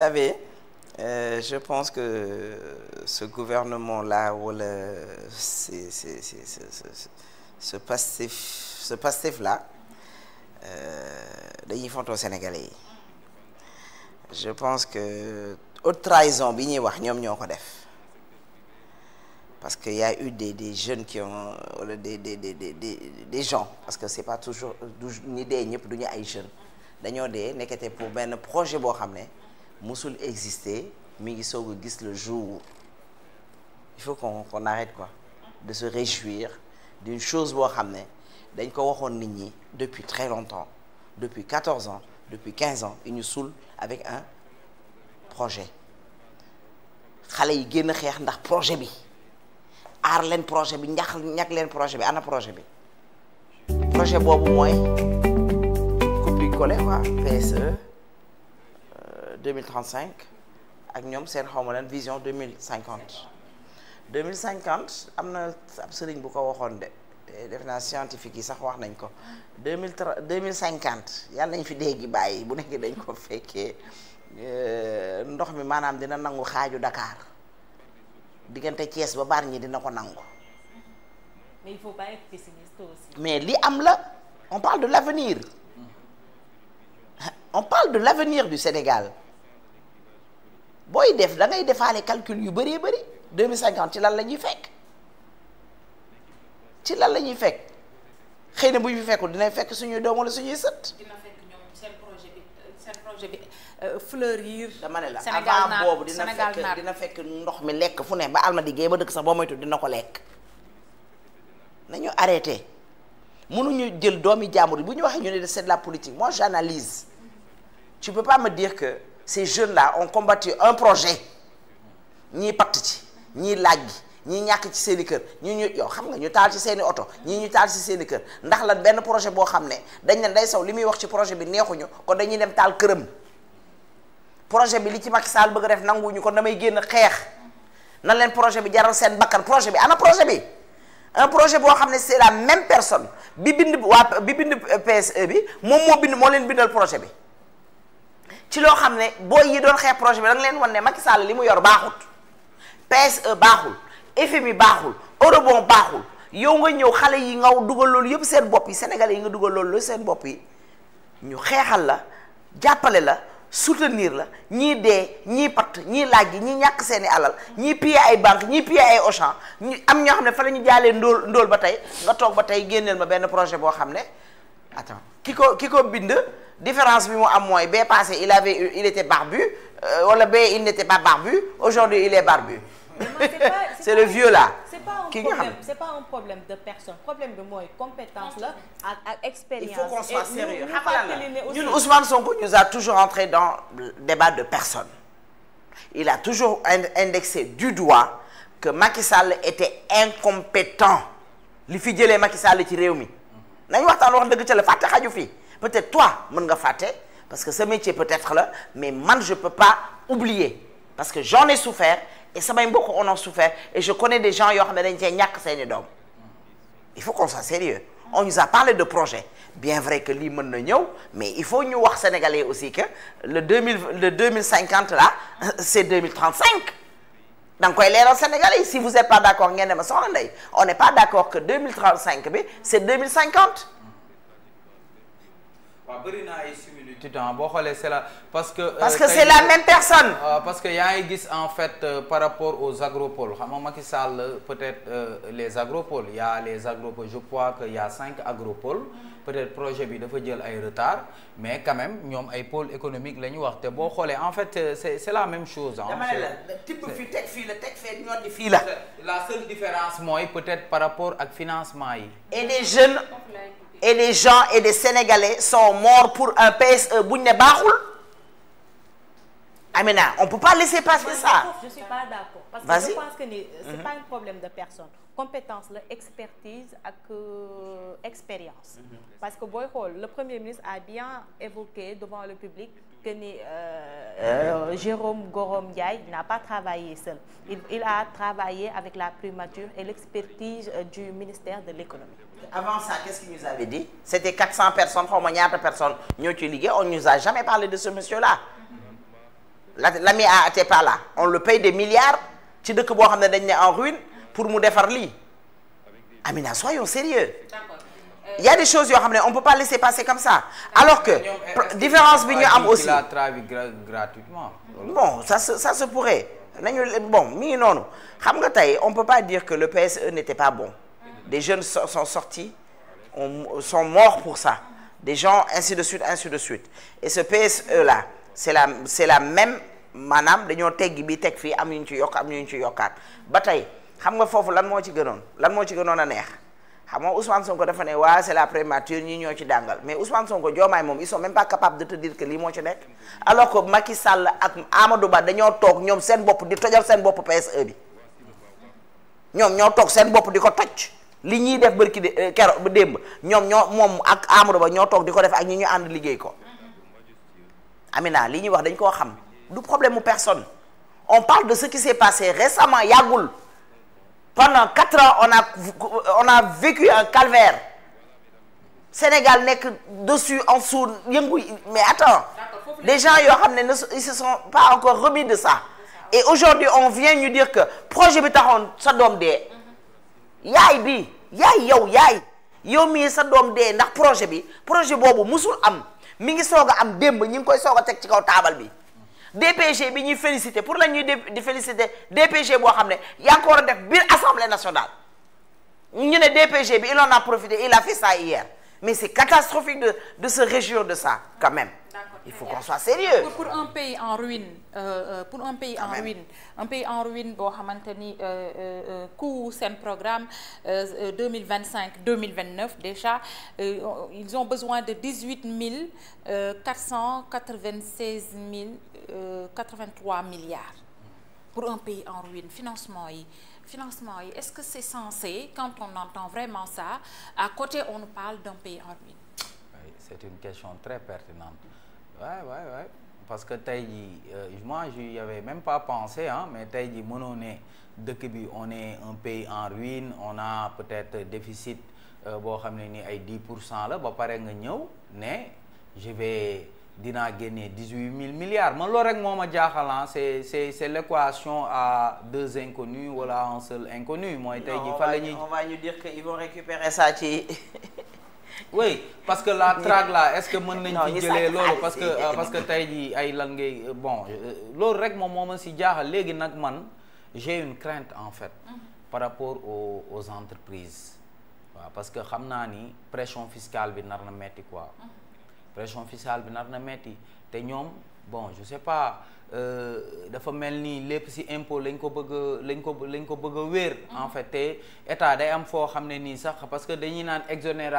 Vous savez euh, je pense que ce gouvernement-là wala c'est c'est c'est ce ce Pastef ce Pastef-là euh, dañuy fontoo sénégal yi je pense que haute trahison bi ñuy wax ñoom ñoo ko def parce que y a eu de jeunes qui ont wala des des des de des gens parce que c'est pas toujours du ñi dee ñëpp du ñu ay jeunes dañoo dee nekkete pour benn projet boo xam ne. mosul exister mi ngi soog a gis le jour il faut qu'on qu'on arrête quoi de se réjouir d'une chose boo xam ne dañ ko waxoon nit ñi depuis très longtemps depuis 14 ans depuis 15 ans il ñu suul avec un projet xale yi génn xeex ndax projet bi aar leen projet bi ñax ñàkk leen projet bi ana projet bi projet boobu mooy copier coller quoi PSE deux mille cinq ak ñoom seen xaw ma lan vision deux mille cinquante deux mille cinquante am na ab sëriñ bu ko waxoon de def naa scientifique yi sax wax nañ ko deux mille trente deux mille cinquante yàlla nañ fi dégg bàyyi bu nekk dañ ko fekkee euh, ndox mi maanaam dina nangu xaaju Dakar diggante Thiès ba baar ñi dina ko nangu. mais il li am la on parle de l'avenir on parle de l'avenir du Sénégal. booy def dangay defaale calcul yu bëree bëri deux mille cinquante ci lan la ñuy fekk ci lan la ñuy fekk xëy na bu ñu fekkul dinañ fekk suñuy doom wala suñuy sët. dina bi seen projet bi euh, fleurir. dama ne la avant boobu dina fekk dina fekk ndox mi lekk fu ne ba almadi liggéey ba dëkk sax boo moytu dina ko lekk nañu arrêté mënuñu jël doomi jàmbur bu ñu waxee ñu ne c'est de la politique moi j'analyse tu peux pas me dire que. ces jeunes là ont combati un projet ñii patt ci ñii laaj gi ñii ñàkk ci seen i kër ñii ñu yow xam nga ñu taal ci seen i oto ñii ñu taal ci seen i kër ndax la benn projet boo xam ne dañ ne day Sow li muy wax ci projet bi neexuñu kon dañuy dem taal këram projet bi li ci mag Sall bëgg a def nanguwuñu kon damay génn xeex na leen projet bi jaral seen bakkan projet bi ana projet bi un projet boo xam ne c'est la même personne bi bind waa bi bind PSE bi moom moo bind moo leen bindal projet bi ci loo xam ne booy yi doon xeex projet bi da leen wan ne Macky Sall li mu yor baaxut PSE baaxul FMI baaxul eurobond baaxul yow nga ñëw xale yi nga dugal loolu yëpp seen bopp yi sénégal yi nga dugal loolu la seen bopp yi ñu xeexal la jàppale la soutenir la ñii dee ñii patt ñii laaj yi ñii ñàkk seeni alal ñii piyee ay banque ñii piyee ay Auchan am ñoo xam ne fa la ñu jaalee ndóol ndóol ba tey nga toog ba tey génneel ma benn projet boo xam ne attends ki ko ki ko bind différence bi mu am mooy bee passé il avait il était barbu euh, wala bee il n'était pas barbu aujourd'hui il est barbu c'est le vieux là ki nga xam c'est de personne problème bi mooy compétence la ak ak expérience il faut qu'on toujours entré dans le débat de personne il a toujours indexé du doigt que Macky Sall était incompétent li fi jëlee Macky Sall ci réew mi nañu waxtaan wax dëgg ca la fàtte xaju fi peut-être toi mën nga fàtte parce que ce métier peut-être là mais man je peux pas oublier parce que j'en ai souffert et samay mbokk on en souffert et je connais des gens yoo xam ne dañ cee ñàkk seeni doom il faut qu'on soit sérieux on nous a parlé de projet bien vrai que lii mën na ñëw mais il faut ñu wax sénégalais aussi que le 2000 le 2050 là c'est 2035 da nga koy leeral Sénégalais yi si vous êtes pas d'accord ngeen ne ma soxna Ndeye on n'est pas d'accord que 2035 c'est waaw bëri na ay similitudes boo xoolee c'est la parce que. Euh, parce que c'est la même personne. Euh, parce que yaa ngi gis en fait euh, par rapport aux agropoles xam ma ki sal peut-être les agropoles ya les agropoles je crois que y a cinq agropoles. peut-être projet bi dafa jël ay retard mais quand même ñoom ay pôle économique la ñu wax te boo xoolee en fait c'est c'est la même chose. dama ne la tibb fii la teg fee ñor di fii la. la seule différence mooy peut-être par rapport ak financement yi. et des jeunes. et les gens et des Sénégalais sont morts pour un PSE bu ñu ne baaxul Amina ah, on peut pas laisser passer ça. je pas d'accord parce que je pense que c'est mm-hmm. pas un problème de personne compétence la expertise ak euh, expérience. Mm-hmm. parce que booy xool le premier ministre a bien évoqué devant le public que ni euh, euh, Jérôme Gorom Ndiaye n'a pas travaillé seul il a travaillé avec la primature et l'expertise du ministère de l'économie. avant ça qu'est-ce qu'il nous avait dit. c'était 400 personnes xaw ma ñaata ñoo ci liggéey on nous a jamais parlé de ce monsieur là. l'ami a été pas là on le paye des milliards ci dëkk boo xam ne dañ ne en ruine pour mu defar lii Amina soyons sérieux il y a des choses yoo xam ne on peut pas laisser passer comme ça alors que différence bi ñu am aussi la travaille gratuitement bon ça se ça se pourrait nañu bon mi ngi noonu xam nga tey on peut pas dire que le PSE n'était pas bon des jeunes sont sortis on sont morts pour ça des gens ainsi de suite ainsi de suite et ce PSE là c'est la c'est la même dañoo tegg bi teg fii am ñu ci yokk am ñu ñu ci yokkaat ba tey xam nga foofu lan moo ci gënoon lan moo ci gënoon a neex xam nga Ousmane Sonko dafa ne waa c'est la prémature ñi ñoo ci dàngal mais Ousmane Sonko Diomaye moom ils sont même pas capables de te dire que lii moo ci nekk alors que Macky Sall ak Amadou Ba dañoo toog ñoom seen bopp di tojal seen bopp PSE bi ñoom ñoo toog seen bopp di ko toj li ñuy def bërki de eh, kero démb ñoom ñoo moom ak Amadou Ba ñoo toog di ko def ak ñi ñu ànd liggéey ko Amina li ñuy wax dañ koo xam du problème mu personne on parle de ce qui s'est passé récemment yàggul pendant quatre on a on a vécu un calvaire Sénégal nekk dessus en dessous yëngu mais attends les gens yoo xam ne ne ils se sont pas encore remis de ça et aujourd'hui on vient ñu dire que projet bi taxoon sa doom dee mm-hmm. yaay bi yaay yow yaay yow mii sa doom dee ndax projet bi projet boobu musul am mi ngi soog a am démb ñi ngi koy soog a teg ci kaw taabal bi DPG bi ñuy félicité pour la ñuy di félicité DPG boo xam ne yaa ngi ko war a def biir assemblée nationale ñu ne DPG bi il en a profité il a fait ça hier Mais c'est catastrophique de, de se réjouir de ça, quand même. Il faut qu'on soit sérieux. Pour, pour, un pays en ruine, euh, euh, pour un pays quand en même. ruine, un pays en ruine, boo xamante ni euh, euh, coût seen programme euh, 2025 2029 déjà euh, ils ont besoin de 18 000 496 083 milliards pour un pays en ruine financement yi. financement yi est-ce que c'est censé quand on entend vraiment ça à côté on nous parle d'un pays en ruine oui, c'est une question très pertinente waay waay waay parce que tey jii euh, moi j'y avais même pas pensé ah mais tey jii mënoo ne dëkk bi on est un pays en ruine on a peut-être déficit euh, boo xam ne ni ay 10 pour cent la ba pare nga ñëw ne je vais dinaa génnee dix huit mille milliards man loolu rek moo ma jaaxalan c'est c'est c'est l'équation à deux inconnus wala un seul inconnu mooy tey ji fa la ñuy ñu dire que ils vont récupérer ça ci oui parce que la traque là est-ce que mën nañ ci jëlee loolu parce que euh, parce que tey ji ay lan ngay euh, bon euh, loolu rek moom moo ma si jaaxal léegi nag man j'ai une crainte en fait mm-hmm. par rapport aux aux entreprises waaw parce que xam naa ni pression fiscale bi nar na metti quoi mm-hmm. pression fiscale bi nar na metti te ñoom bon je sais pas euh, dafa mel nii lépp ci impôt lañ ko bëgg lañ ko lañ ko bëgg a wéer en mhm. fait te état day am foo xam ne nii sax parce que dañuy naan exonération